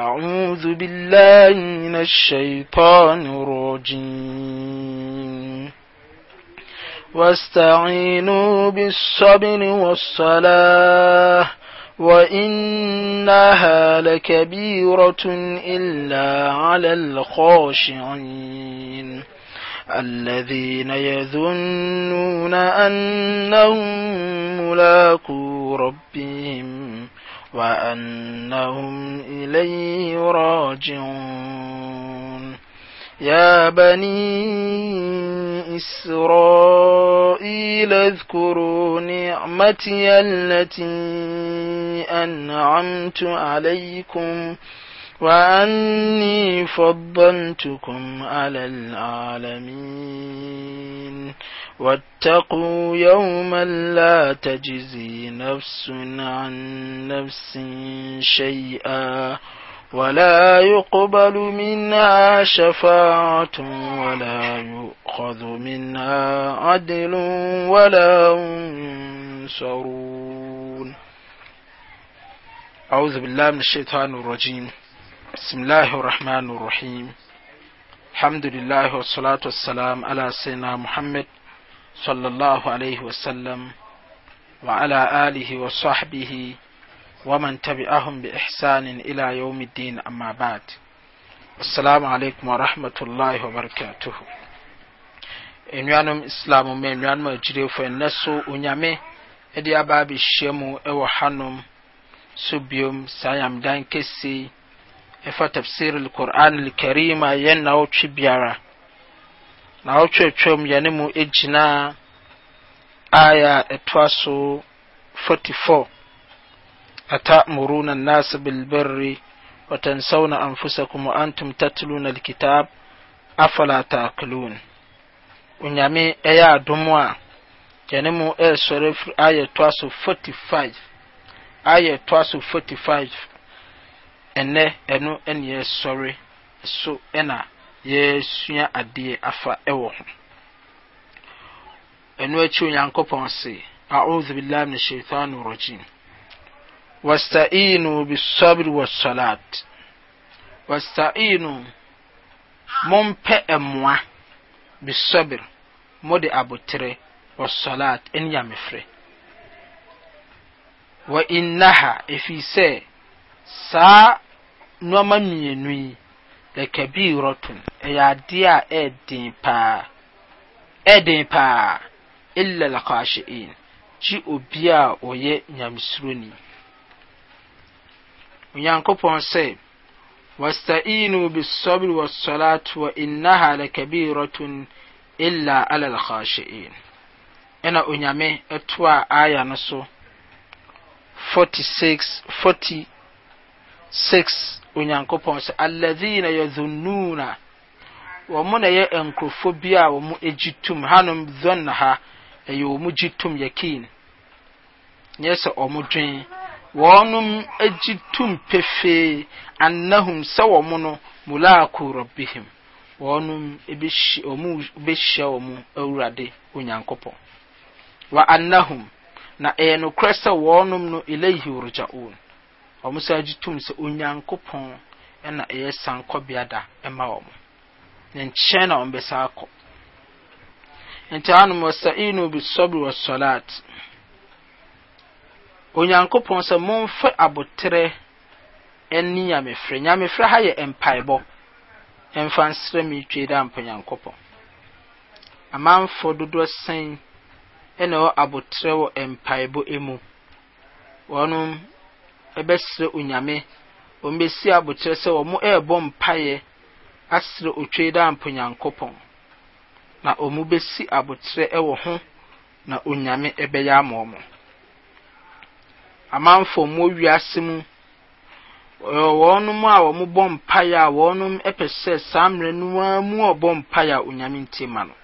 أعوذ بالله من الشيطان الرجيم واستعينوا بالصبر والصلاة وإنها لكبيرة إلا على الخاشعين الذين يظنون أنهم ملاقو ربهم وأنهم إليه راجعون يا بني إسرائيل اذكروا نعمتي التي أنعمت عليكم وأني فضلتكم على العالمين واتقوا يوما لا تجزي نفس عن نفس شيئا ولا يقبل منها شفاعة ولا يؤخذ منها عدل ولا ينصرون أعوذ بالله من الشيطان الرجيم بسم الله الرحمن الرحيم الحمد لله والصلاة والسلام على سيدنا محمد صلى الله عليه وسلم وعلى آله وصحبه ومن تبعهم بإحسان إلى يوم الدين أما بعد السلام عليكم ورحمة الله وبركاته إن يانم إسلام من يانم أجري فإنسو أنيامي إدي أباب الشيمو إيو حنم سبيوم سيام دان كسي إفا تفسير القرآن الكريم ينو تبيارا na ɔtwatwam yɛne mu gyina aya ɛtoa so 44 أتأمرون الناس بالبر وتنسون أنفسكم وأنتم تتلون الكتاب أفلا تأكلون onyame ɛyɛ adom a yɛne mu ɛresɔre firi ayɛ toa so 45 ayɛ toa so 45 ɛnɛ ɛno ɛne yɛresɔre so ɛna yɛsua adeɛ afa ɛwɔ ho ɛno akyi onyankopɔn se a'udhu billahi min shaitan rajim wasta'inu bisabr wassalat wasta'inu mompɛ ɛmmoa bisabr mode abotere wassalat ɛne nyamefrɛ wa innaha ɛfiri sɛ saa nnoɔma mmienu yi lakabiratun ɛyɛ adeɛ a ɛɛden paa ɛɛden paa illa lakashiin gye obi a ɔyɛ nyamesuroni onyankopɔn sɛ واستعينوا بالصبر والصلاة وإنها لكبيرة إلا على الخاشئين أنا أنيامي أتوى آية نصو 46 40 6 onyankopɔn sɛ alladhina yadhunnuna wɔn na yɛ nkurɔfoɔ bi a wɔn agyi tum hanom zɔn ha ɛyɛ wɔ wɔn gyi tum yakin nyɛ sɛ wɔn dwen wɔn agyi tum pefee annahum sɛ wɔn no mulaako rabbihim wɔnom ebɛhyia wɔn bɛhyia wɔn awurade onyankopɔn wa annahum na ɛyɛ nokorɛ sɛ wɔn no ilayhi rjaun wɔn nso agye tom sɛ onyankopɔn na ɛyɛ sankɔbea da ɛma wɔn ne nkyɛn na wɔn bɛsa akɔ nti hanom wɔsa'inu bi sɔbi wɔ sɔlaat onyankopɔn sɛ momfa abotrɛ ɛne nyamefrɛ nyamefrɛ ha yɛ mpaebɔ ɛmfa nsrɛ metwe dɛ ampa nyankopɔn amanfo dodoɔ sɛn ɛna ɛwɔ abotrɛ wɔ mpaebɔ emu wɔnom ɛbɛsrɛ onyame wɔn bɛsi abokyerɛ sɛ wɔn ɛrebɔ mpaeɛ asrɛ otwe dɛ ampo nyankopɔn na wɔn bɛsi abokyerɛ ɛwɔ ho na onyame ɛbɛyɛ ama wɔn amanfoɔ mu wiase mu wɔnom a wɔn bɔ mpaeɛ a wɔnom ɛpɛ sɛ saa mmerɛ no ara mu a ɔbɔ mpaeɛ a onyame ntie ma no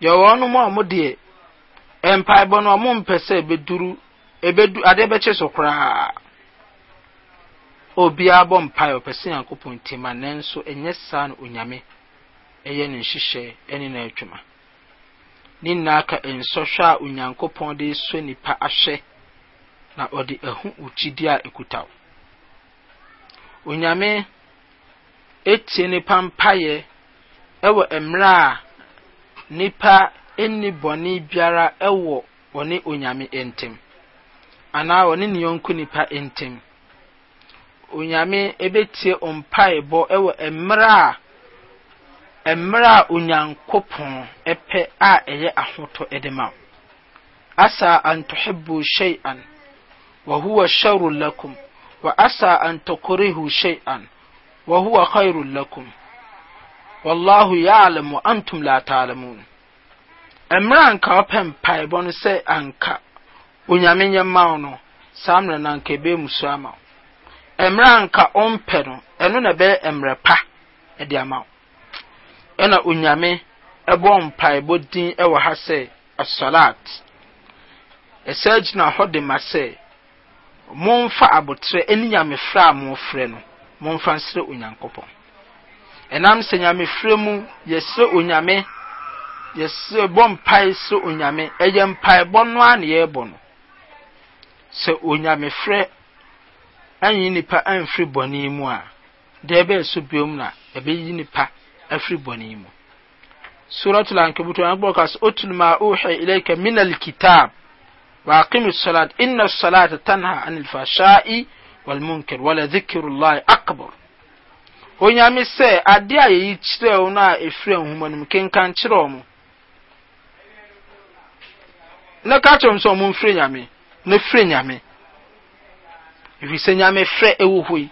deɛ wɔnom a wɔn deɛ mpaebɔ no wɔn mpɛ sɛ ɛbɛduru ebedu ade bɛkye so koraa obiara bɔ mpae ɔpɛ sɛ nyankopɔn ntim a nanso ɛnyɛ saa na onyame ɛyɛ ne nhyehyɛ ɛne na adwuma ne nyinaa ka nsɔhwɛ a onyankopɔn de sɔ nipa ahwɛ na ɔde ɛho wokyidi a ɛkuta wo onyame etie nipa mpaeɛ ɛwɔ mmerɛ a nipa ɛnni bɔne biara ɛwɔ ɔne onyame ntam anaa wɔne ne yɔnko nipa ntɛm onyame ebetie mpaebɔ ɛwɔ mmerɛ a mmerɛ a onyankopɔn ɛpɛ a ɛyɛ ahotɔ ɛde ma asa an tuhibu shay'an wa huwa sharrun lakum wa asa an tukrihu shay'an wa huwa khairun lakum wallahu ya'lamu antum la ta'lamun mmerɛ anka ɔpɛ mpaebɔ no sɛ anka onyame nye mma wo no saa mmerɛ na nka ebe mu so ama wo mmerɛ a ɔmpɛ no ɛno na ɛbɛyɛ mmerɛ pa ɛde ama wo ɛna onyame ɛbɔ ɛbɔ din ɛwɔ ha sɛ asalat ɛsɛ gyina hɔ de ma sɛ momfa abotrɛ ɛne nyamefrɛ a mofrɛ no momfa nsrɛ onyankopɔn ɛnam sɛ nyamefrɛ mu yɛsrɛ onyame yɛsrɛ bɔ mpae srɛ onyame ɛyɛ mpaebɔ no a na yɛrebɔ no sɛ onyamefrɛ anyi nipa amfiri bɔne mu a deɛ ɛbɛyɛ so biom na ɛbɛyi nipa afiri bɔne mu suratul ankabut an ka kas otun ma uhi ilayka min alkitab wa aqimi salat inna salata tanha anil fashai wal munkar wala dhikrullahi akbar onyame sɛ ade a yɛyi kyerɛ wo no a ɛfiri ahoma no mu kenkan kyerɛ mo na ka kyerɛ m sɛ ɔmomfiri nyame ne frɛ nyame ɛfiri sɛ nyame frɛ ɛwɔ hɔ yi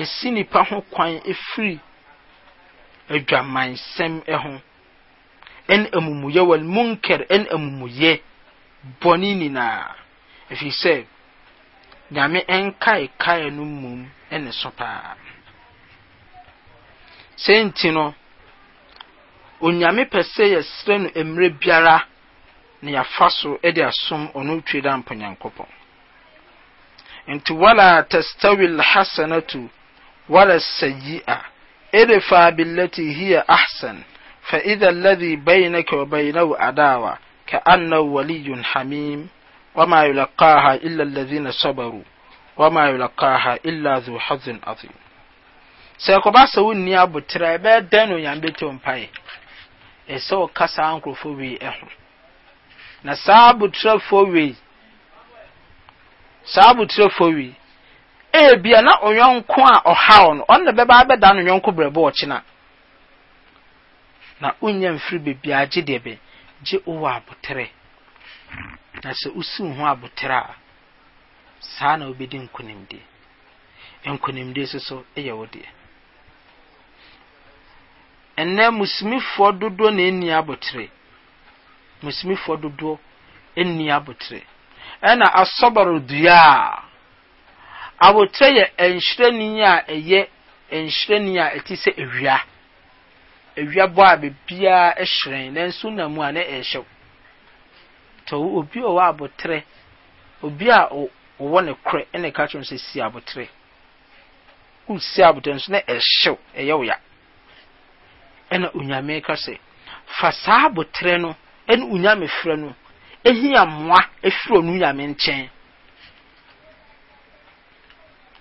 ɛsi nipa ho kwan ɛfiri adwamansɛm ho ɛne amumuyɛ wɔl munker ɛne amumuyɛ bɔne nyinaa ɛfiri sɛ nyame ɛnkaekae no mmom ɛne so paa sɛ nti no onyame pɛ sɛ yɛsrɛ no mmerɛ biara na yɛafa so de asom ɔno twe da mponyankopɔn nti wala tastawi alhasanatu wala sayi'a idfa billati hiya ahsan fa idha alladhi bainaka wa bainahu adawa ka كأنه waliyun hamim wama يلقاها illa alladhina sabaru wama يلقاها illa dhu حظ azim sɛ ɛkɔba sɛ wonni abotire a ɛbɛyɛ dɛn na onyame bɛtɛ ɛsɛ wo kasa nkurɔfoɔ wei ho na saa abotwerɛfoɔ wei saa abotwerɛfoɔ wei ebia na onyɔnko a ɔhaw no ɔno na bɛba abɛda no nyɔnko brɛbɔ ɔkyena na onya mfiri beebiara gye deɛ bɛ gye owó abotire na sɛ usiw ho abotire a saa na obedi nkonimdie nkonimdie soso ɛyɛ wo deɛ ɛnɛ musumifoɔ dodoɔ na eni abotire. musumifoɔ dodoɔ nni abotire ɛna asɔbɔro dua abotire yɛ nhyiren a ɛyɛ nhyiren a ɛte sɛ ewia ewia bɔ a beebiara hyerɛn nanso na mu a na ɛhyɛw tɔ obi a ɔwɔ abotire obi a ɔwɔ ne korɛ ɛna ɛka kyerɛ sɛ si abotire kusi abotire nso na ɛhyew ɛyɛ ɔya ɛna onyame ka sɛ fa saa abotire no. ɛne onyame frɛ no ehia mmoa efiri onu nyame nkyɛn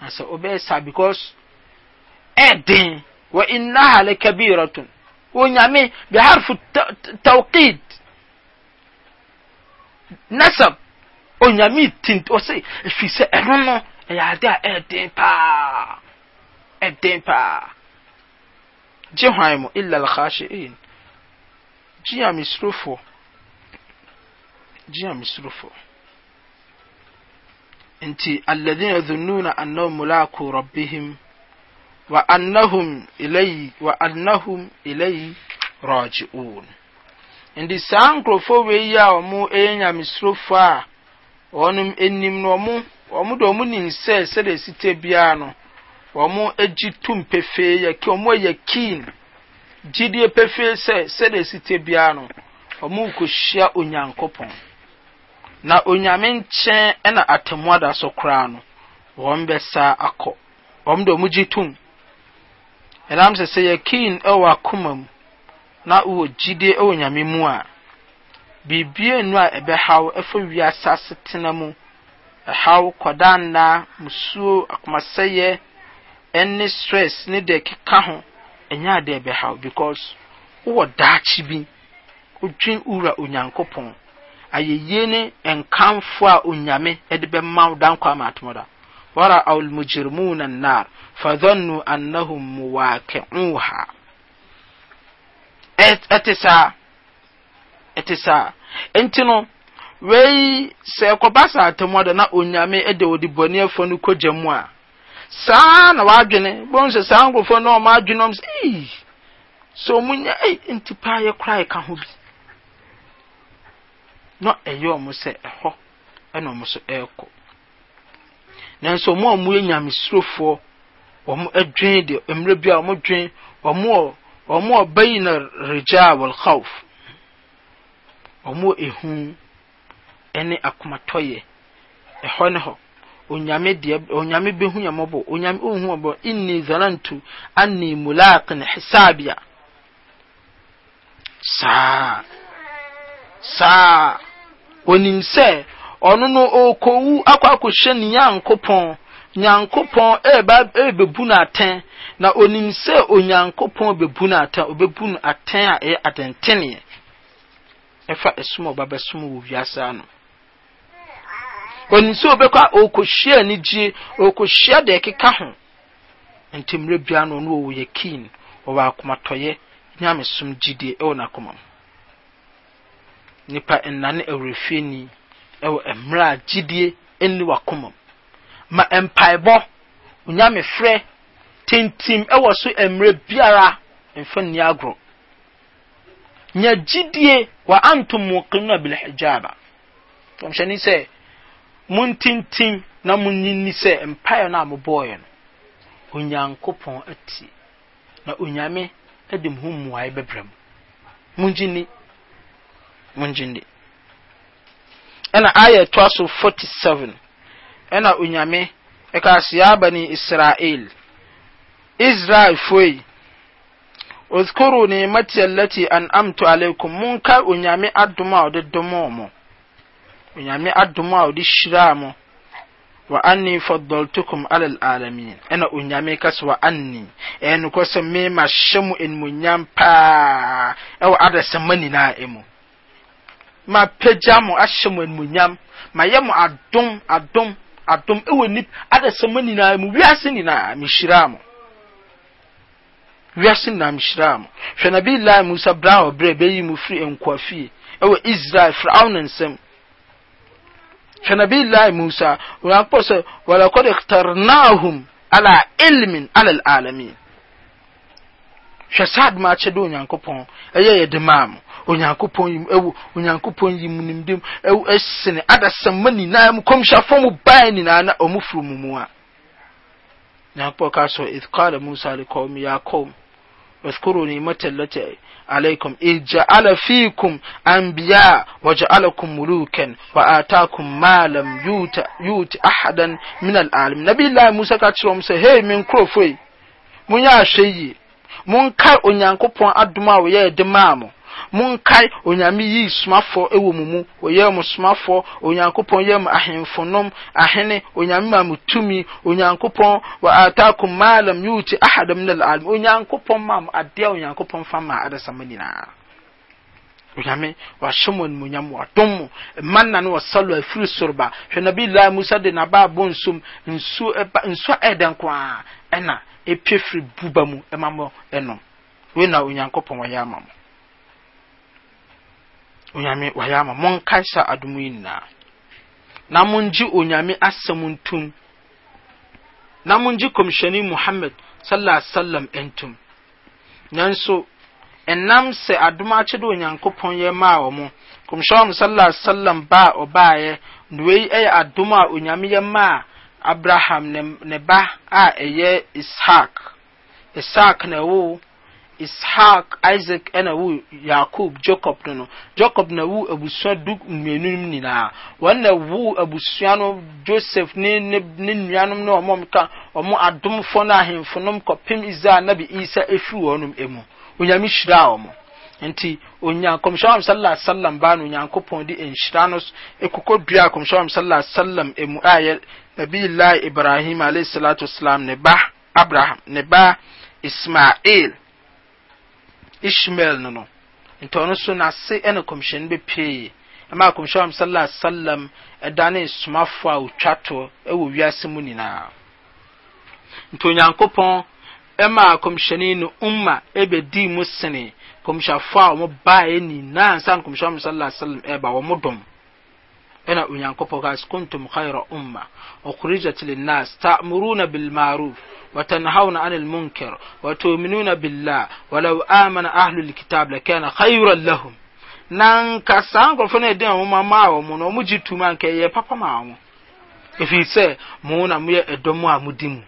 na sɛ ɔbɛyɛ saa because ɛɛden wɔ innaha le kabiratun onyame bi harfu tawqid nasab onyame tint ɔsɛ efi sɛ ɛno no ɛyɛ ade a ɛɛden paa ɛɛden paa gye hwan mu illa alkhashiin gye nyame gyeamesurofo nti alladhina yadhunnuna annahum mulaqu rabbihim wa annahum ilayhi wa annahum ilayhi raji'un ndi saa nkurɔfoɔ wei yi a wɔn yɛ nyamesurofo a wɔn anim no wɔn wɔn de wɔn nim sɛ sɛdeɛ site biara no wɔn agyi tum pefee yɛ kii wɔn yɛ keen gyidie pefee sɛ sɛdeɛ site biara no wɔn rekɔhyia onyankopɔn. na onyame nkyɛn ɛna atemmu ada so koraa no wɔn bɛsa akɔ wɔn de wɔn gye tom ɛnam sɛ sɛ yɛ keen ɛwɔ akoma mu na wɔ gyide ɛwɔ nyame mu a biribiara nu a ɛbɛhaw ɛfɔ wiase tena mu ɛhaw kɔdanna musuo akomasɛyɛ ɛne stress ne deɛ keka ho ɛnyɛ adeɛ ɛbɛhaw because ɔwɔ daakye bi wodwen wura onyankopɔn ayɛyie ne nkamfo a onyame de bɛma wo dankɔ ama atom da ورأوا المجرمون النار فظنوا أنهم مواقعوها ɛtesa ɛtesa nti no wei sɛ ɛkɔba saa atemmu da na onyame ɛde wɔde bɔneɛfoɔ no kɔgya mu a saa na wadwene bɔn sɛ saa nkurɔfoɔ no ɔmo adwene ɔmo sɛ ee so ɔmo nya ee nti paa yɛ kora ho bi na ɛyɛ ɔmo sɛ ɛhɔ ɛna ɔmo so ɛɛkɔ nanso ɔmo a ɔmo yɛ nyamesurofoɔ ɔmo ɛdwen deɛ mmerɛ bi a ɔmo dwen ɔmo a ɔmo a bɛyi na regya wɔl khawf ɔmo ehu ɛne akomatɔyɛ ɛhɔ ne hɔ onyame deɛ onyame behu yɛ mɔbɔ onyame ohu mɔbɔ inni zanantu anni mulaqin hisabia saa saa onim sɛ ɔno no ɔrekɔwu akɔ akɔhyɛ ne nyankopɔn nyankopɔn ɛbɛbu no atɛn na onim sɛ onyankopɔn bɛbu no atɛn ɔbɛbu no atɛn a ɛyɛ atɛnteneɛ ɛfa ɛsom a ɔbɛbɛsom wɔ wiase ano onim sɛ ɔbɛkɔ a ɔrekɔhyia anigye ɔrekɔhyia deɛ ɛkeka ho nti mmerɛ biara no ɔno ɔwɔ yɛ keen ɔwɔ akomatɔyɛ nyamesom gyidie ɛwɔ n'akoma mu nipa nnane awerɛfie ni ɛwɔ mmerɛ a gyidie nni wakoma mu ma mpaebɔ onyame frɛ tentim ɛwɔ so mmerɛ biara mfa nni agorɔ nya gyidie wa antum muqinuna bil hijaba tɔmhyɛne sɛ montintim na monyinni sɛ mpaeɛ no a mobɔɔeɛ no onyankopɔn atie na onyame de mo ho mmuaeɛ bɛbrɛ mu mongyinni mun jinde ɛna aya toa so 47 ɛna onyame ɛka so ya bani israel israel foi اذكروا نعمتي التي انعمت عليكم منكا onyame adom a ɔde domo mo onyame adom a ɔde hyiraa mo wa anni faddaltukum ala alalamin ɛna onyame ka wa anni ɛyɛ nokɔ sɛ me mahyɛ mu animuonyam paa ɛwɔ adasamma nyinaa mu ma pagya mo ahyɛ mo animonyam ma yɛ mo adom adom adom ɛwɔ nip adasɛm nyinaa mu wiase nyinaa mehyira mo wiase nyinaa mehyira mo hwɛ na bi lai musa bra ɔbrɛ bɛyi mu firi nkoa fie ɛwɔ israel fraaw ne nsɛm hwɛ na bi lai musa onyankopɔ sɛ walakɔd ikhtarnahum ala ilmin ala alamin hwɛ saa adoma akyɛ dɛ onyankopɔn ɛyɛ yɛ de maa mo onyankopɔn yim onyankopɔn yim nimdim ɛsene adasamma nyinaa mu kɔmhyɛfo mu baa nyinaa na ɔmo firi mu mu a nyankopɔn ka sɔ ith qala musa lekɔm ya kɔm واذكروا نعمة التي عليكم إذ جعل فيكم أنبياء وجعلكم ملوكا وآتاكم ما لم يؤت, يؤت أحدا من العالم نبي الله موسى كاتشرم سي هي من كروفي من يا شيء من كار أن ينكو بوان أدما ويا دمامو monkae onyame yii somafoɔ ɛwɔ mu mu ɔyɛ mo somafoɔ onyankopɔn yɛ mo ahemfonom ahene onyame ma mo tumi onyankopɔn wa ataakum ma lam yuti ahada min alalim onyankopɔn ma mo adeɛ onyankopɔn fa ma adasama nyinaa onyame wahyɛ mo animonyam wadom mo mma nna no wɔsalo afiri soro ba hwɛ nabi lai musa de nabaabɔ nsom nsuo ɛba nsuo a ɛdɛ nko a ɛna ɛpie firi buba mu ɛma mo ɛnom wei na onyankopɔn wɔyɛ ama mo onyame wayɛ ama monkae saa adom yi nyinaa na mongye onyame asɛm ntom na mongye kɔmhyɛne muhammad sallallahu alaihi wasallam ntom nanso ɛnam sɛ adom akyɛde onyankopɔn yɛ maa wɔ mo kɔmhyɛn sallallahu alaihi wasallam ba ɔbaeɛ na wei yɛ adom a onyame yɛ maa abraham ne ne ba a ɛyɛ ishak ishak na ɛwɔ ishaq isaac ɛna wu Yakub, jacob no no jacob na wo abusua du mmienum nyinaa wɔn na wo abusua no joseph ne ne ne nuanom ne wɔn ka wɔn adomfo ne ahemfo nom kɔpem israel nabi isa efiri wɔn mu onyame hyira wɔn nti onyaa kɔmhyɛn sallallahu alaihi wasallam baa no onyankopɔn de nhyira no ekoko dua kɔmhyɛn sallallahu alaihi wasallam a yɛ nabi ibrahim alayhi salatu wasalam ne ba abraham ne ba ismail ishmael no no nti ɔno nso n'ase ɛna kɔmhyɛn bɛ pee ɛmaa kɔmhyɛn wa sallallahu alaihi wasallam ɛdane somafo a otwa to ɛwɔ wiase mu nyinaa nti onyankopɔn ɛmaa kɔmhyɛn no umma ɛbɛdii mu sene kɔmhyɛnfo a wɔn baeɛ nyinaa nsa kɔmhyɛn wa sallallahu alaihi wasallam wɔn dɔm. ɛna onyankopɔn kas kuntum khaira umma ukhrijat linnas ta'muruna bil ma'ruf وتنهون عن المنكر وتؤمنون بالله ولو آمن أهل الكتاب لكان خيرا لهم nanka saa nkurɔfoɔ no ɛdi nwoma maa wɔn mu na wɔn gye tum anka ɛyɛ papa maa wɔn efiri sɛ mo na mo ɛdɔm a mo di mu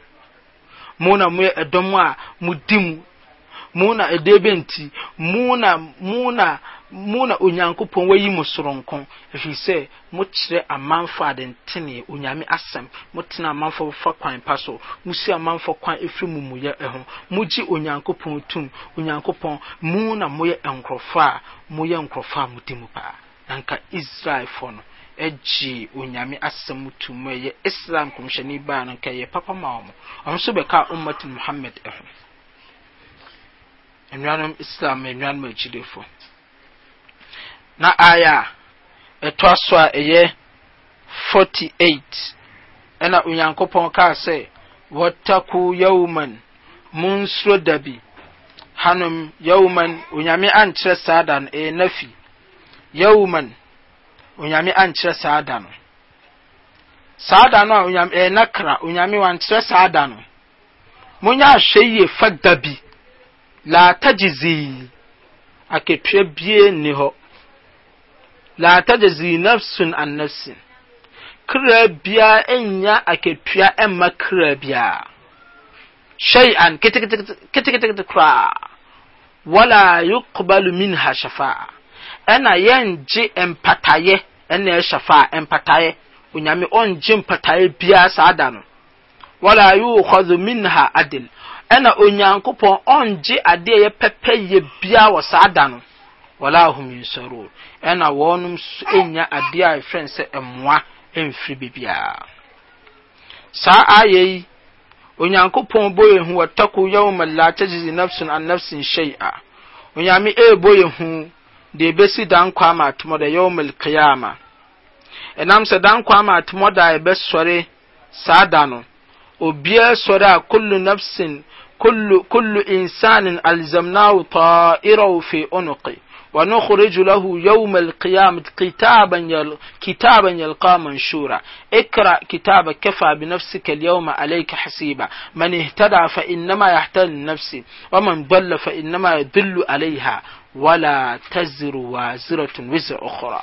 mo na mo ɛdɔm a mo di mu mo na ɛdeɛ bɛ nti mo na mo na. mu na onyankopɔn wayi mu soronko ɛfiri sɛ mokyerɛ amanfo adentenee onyame asɛm motena amanfo fa kwan pa so musi amanfo kwan ɛfiri mumuyɛ ɛho mogye onyankopɔn tum onyankopɔn mu na moyɛ nkurɔfo a moyɛ nkurɔfo a modi mu paa na nka israelfoɔ no ɛgye onyame asɛm mu tum mu ɛyɛ islam kɔmhyɛne baa no nka ɛyɛ papa ma wɔ mo ɔno nso bɛkaa ummatin muhammad ɛho nnuanom islam nnuanom agyidefo na aya a ɛtɔ so a ɛyɛ 48 ɛna onyankopɔn kaa sɛ wɔtako yawman munsuro dabi hanom yawman onyame ankyerɛ saa da no ɛyɛ nafi yawman onyame ankyerɛ saa da no saa da no a onyame ɛyɛ nakra onyame wankyerɛ saa da no monya ahwɛ yie fa dabi laatagyizii aketua bie nni hɔ la tajzi nafsun an nafsin kra bia enya akatua emma kra bia shay'an kitikitikitikiti kra wala yuqbalu minha shafa'a ɛna yɛngye mpataeɛ ɛna ɛshafa'a mpataeɛ onyame ɔngye mpataeɛ biara saa da no wala yukhadhu minha adil ɛna onyankopɔn onji adeɛ yɛ pepe yɛ biara wɔ saa no wala hum yunsarun ɛna wɔnom so enya adeɛ a yɛfrɛ sɛ mmoa mfiri biribiara saa ayɛ yi onyankopɔn bɔ yɛn ho wɔtako yawma la tagyizi nafsun an nafsin shay'a onyame ɛɛbɔ yɛn ho deɛ ɛbɛsi dan kwa ama atomɔda yawma alqiyama ɛnam sɛ dan kwa ama atomɔda a yɛbɛsɔre saa da no obiara sɔre a kullu nafsin kullu kullu insanin alzamnahu ta'irahu fi unuqi ونخرج له يوم القيامة كتابا يل... كتابا يلقى منشورا اقرأ كتاب كفى بنفسك اليوم عليك حسيبا من اهتدى فإنما يهتدي لنفسه ومن ضل فإنما يضل عليها ولا تزر وازرة وزر أخرى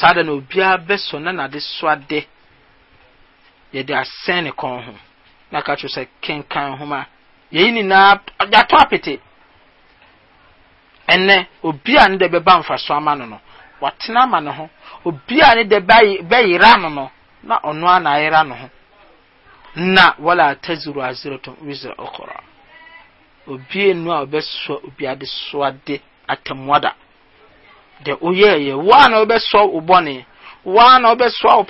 saa da na obiara bɛsɔ na nade so ade yɛde asɛn ne kɔn ho na ka ɛnɛ a ne de bɛba mfaso ama no no watena ama ne ho obi a ne de bɛyera no no na ɔno a na ayera ne ho na wala taziru aziratun wizra okora obi enu a ɔbɛsoa obi ade soa de atamwada de oyɛ yɛ waa na ɔbɛsoa wo waa na ɔbɛsoa wo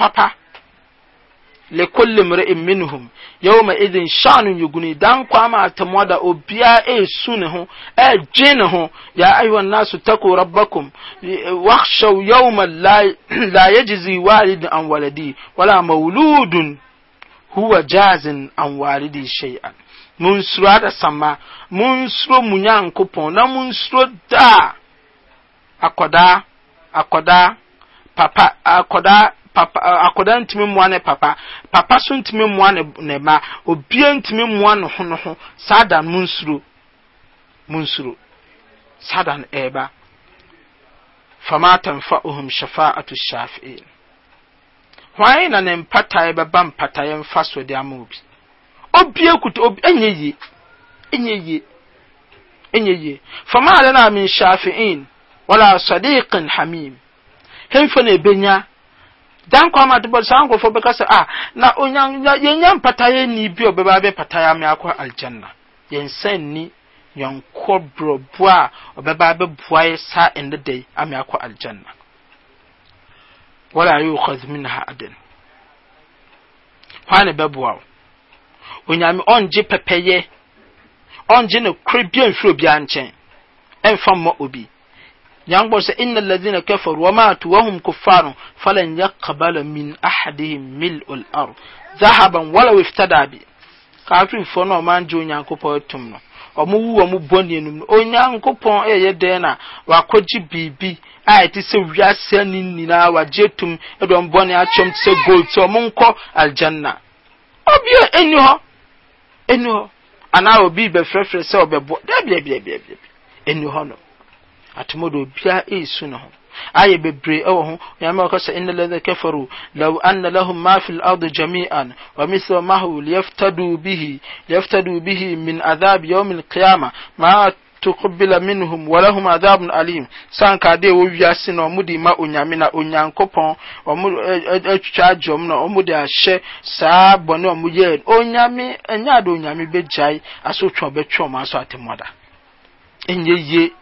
lekulli mri'in minhum yawma idhin sha'nun yughni dan kwama tamwada obia e sune ho e jin ho ya ayuha nasu taku rabbakum wakhshaw yawma la yajzi walid an waladi wala mauludun huwa jazin an walidi shay'an mun sura da sama mun suro mu na mun suro da akoda akoda papa akoda papa eh, akwadaa ntumi mmoa ne papa papa so ntumi mmoa ne ne mma obia ntumi mmoa ne ho ne ho saa da mu nsuro mu nsuro saa da ɛreba fama atamfa ohum shafa ato shafi'in hwan na ne mpatae bɛba mpatae mfa so de ama obi obia kuta obi enye yie enye yie enye yie fama lana min in. wala sadiqin hamim hemfa na ebenya dan kwama to bɔ saa nkurɔfoɔ bɛka sɛ ah na onya yɛnya mpataeɛ ni bi a ɔbɛba bɛpataeɛ ame akɔ aljanna yɛnsa nni yɔnkɔ borɔbo a ɔbɛba bɛboa yɛ saa ɛnɛ dɛ ame akɔ aljanna wala yukhadh minha adan hwan ne bɛboa wo onyame ɔngye pɛpɛyɛ ɔngye ne korɛ bia mfiri obiara nkyɛn en mmɔ obi nyankpɔ sɛ inna alladhina kafaru wa matu wa hum kuffaru falan yaqbala min ahadihim mil'ul ard zahaban walaw iftada bi kafirifoɔ no ɔma ngye onyankopɔn tom no ɔmo wu ɔmo bɔ nenum no onyankopɔn ɛyɛ dɛn na wakɔgye biribi a ɛte sɛ wiase ne nyinaa wagye tom ɛde ɔmo bɔne akyɛm te sɛ gold sɛ ɔmo nkɔ aljanna obio ɛni hɔ ɛni hɔ anaa obi bɛfrɛfrɛ sɛ ɔbɛbɔ dabiabiabiabiabi ɛni hɔ no atomodo obiara esu ne ho ayɛ bebree ɛwɔ ho nyame ɔka sɛ inna ladha kafaru law anna lahum ma fi lardi jami'an wa misla mahu liyaftadu bihi liyaftadu bihi min adhab yawm alqiyama ma tuqbila minhum wa lahum adhabun alim sanka de wo wiase na ɔmo de ma onyame na onyankopɔn ɔmo atwitwa adwom na ɔmo de ahyɛ saa bɔne ɔmo yɛ onyame ɛnyɛ ade onyame begyae asotwa ɔbɛtwa ɔmo aso atemmɔda ɛnyɛ yie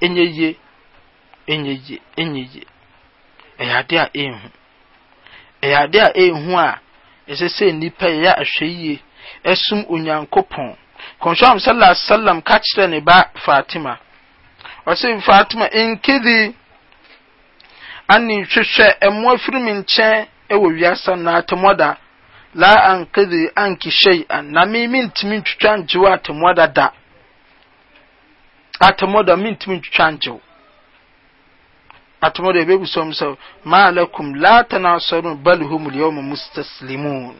enye yie enye ɛyade a ehu ɛyɛ ade a ehu a ɛsɛ sɛ nipa yɛ ahwɛ yie ɛsum onyankopɔn kɔnhyɛn sallallahu alaihi wasallam ka kyerɛ ne ba fatima ɔsɛ fatima nkedi ani hwehwɛ ɛmo afiri mi nkyɛn ɛwɔ wiasa na atemɔda la ankedi anki hyɛn na mi mi ntumi ntwitwa nkyewa atemɔda da. atamoda do a mentumi ntwitwa nkyew atemmɔ do a ɛbɛbusam sɛ malakum la tanasarun bal hum lyawma mustaslimun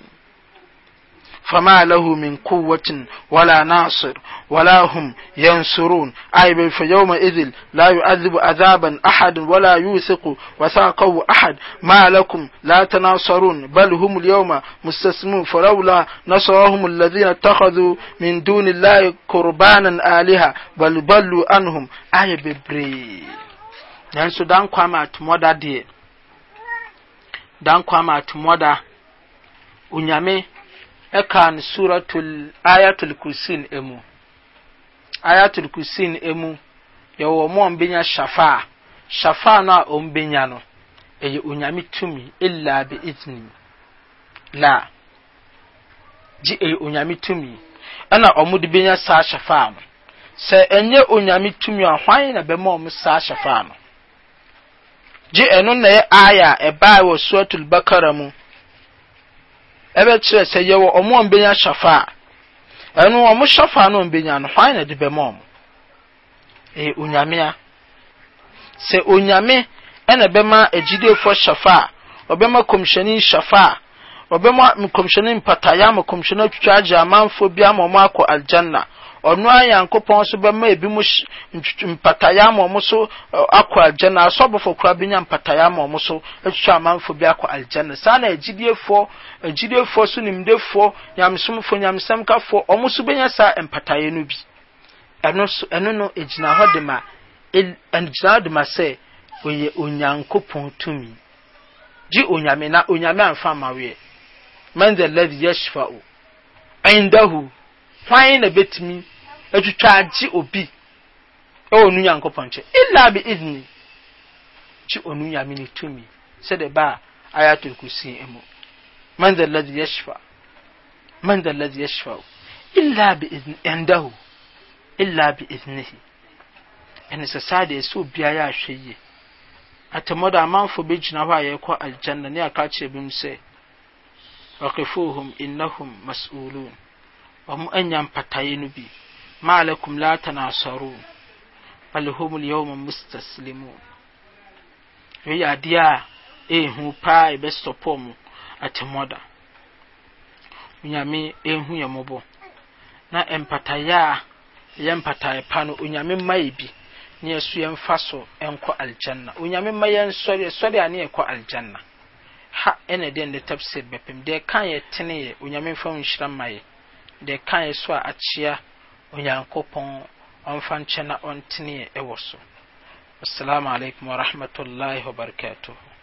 فما له من قوة ولا ناصر ولا هم ينصرون أي فيومئذ لا يؤذب عذابا أحد ولا يوثق وثاقه أحد ما لكم لا تناصرون بل هم اليوم مستسلمون فلولا نصرهم الذين اتخذوا من دون الله قربانا آلهة بل بلوا عنهم أي ببري nanso يعني دان kwama atomɔda deɛ دان kwama atomɔda onyame ɛka no suratul ayatul kursin emu ayatul kursin emu yɛwɔ mo a ɔmbɛnya shafa shafa no a ɔmbɛnya no ɛyɛ onyame tumi illa bi idni la gye ɛyɛ onyame tumi ɛna ɔmo de bɛnya saa shafa no sɛ ɛnyɛ onyame tumi a hwan na bɛma ɔmo saa shafa no gye ɛno na ɛyɛ aya a e ɛbaa wɔ suratul bakara mu ɛbɛkyerɛ sɛ yɛwɔ ɔmo a mbɛnya shafa a ɛno ɔmo shafa no mbɛnya no hwan na de bɛma ɔmo ɛyɛ onyame a sɛ onyame ɛna bɛma agyideefoɔ shafa a ɔbɛma kɔmhyɛni shafa a ɔbɛma kɔmhyɛni mpataya ama kɔmhyɛni atwitwa agye amanfoɔ bi ama ɔmo akɔ aljanna ɔno a nyankopɔn so bɛma ebi mu mpataya ama ɔmo so akɔ aljanna asɔbɔfo kora bi nya mpataya ama ɔmo so atwitwa amanfo bi akɔ aljanna saa na agyidiefoɔ agyidiefoɔ so nimdefoɔ nyamesomfoɔ nyamesamkafoɔ ɔmo so bɛnya saa mpataya no bi ɛno so ɛno no egyina hɔ de ma egyina hɔ de ma sɛ oyɛ onyankopɔn tumi gye onyame na onyame amfa amaweɛ man the lady yashfa'u indahu hwan na betumi atwitwa agye obi ɛwɔ nu nyankopɔn nkyɛn illa bi idni gye onu nyame ne tumi sɛdeɛ ba a ayatul kursi mu man dha alladhi yashfa man dha alladhi yashfa illa bi idni indahu illa bi idnihi ɛne sɛ saa deɛ ɛsɛ obiara ahwɛ yie atemmɔdɔ amanfo bɛgyina hɔ a yɛrekɔ aljanna ne aka kyerɛ bi mu sɛ wakifuhum innahum mas'ulun wɔn anya mpataeɛ no bi ما لكم لا تناصرون بل هم اليوم مستسلمون وي اديا ehu paa ɛbɛsɔpɔ mu atemmɔda onyame ehu yɛ mɔbɔ na mpataeɛ a ɛyɛ mpataeɛ pa no onyame mma yɛ bi na yɛso yɛmfa so ɛnkɔ aljanna onyame mma yɛnsɔre ɛsɔre a ne yɛkɔ aljanna ha ɛna deɛ ne tafsir bɛpem deɛ ka yɛ teneɛ onyame mfa ho nhyira mma yɛ deɛ ka so a akyea onyankopɔn ɔmfa nkyɛ na ɔnteneɛ ɛwɔ so assalamu alaikum warahmatullahi wabarakatuhu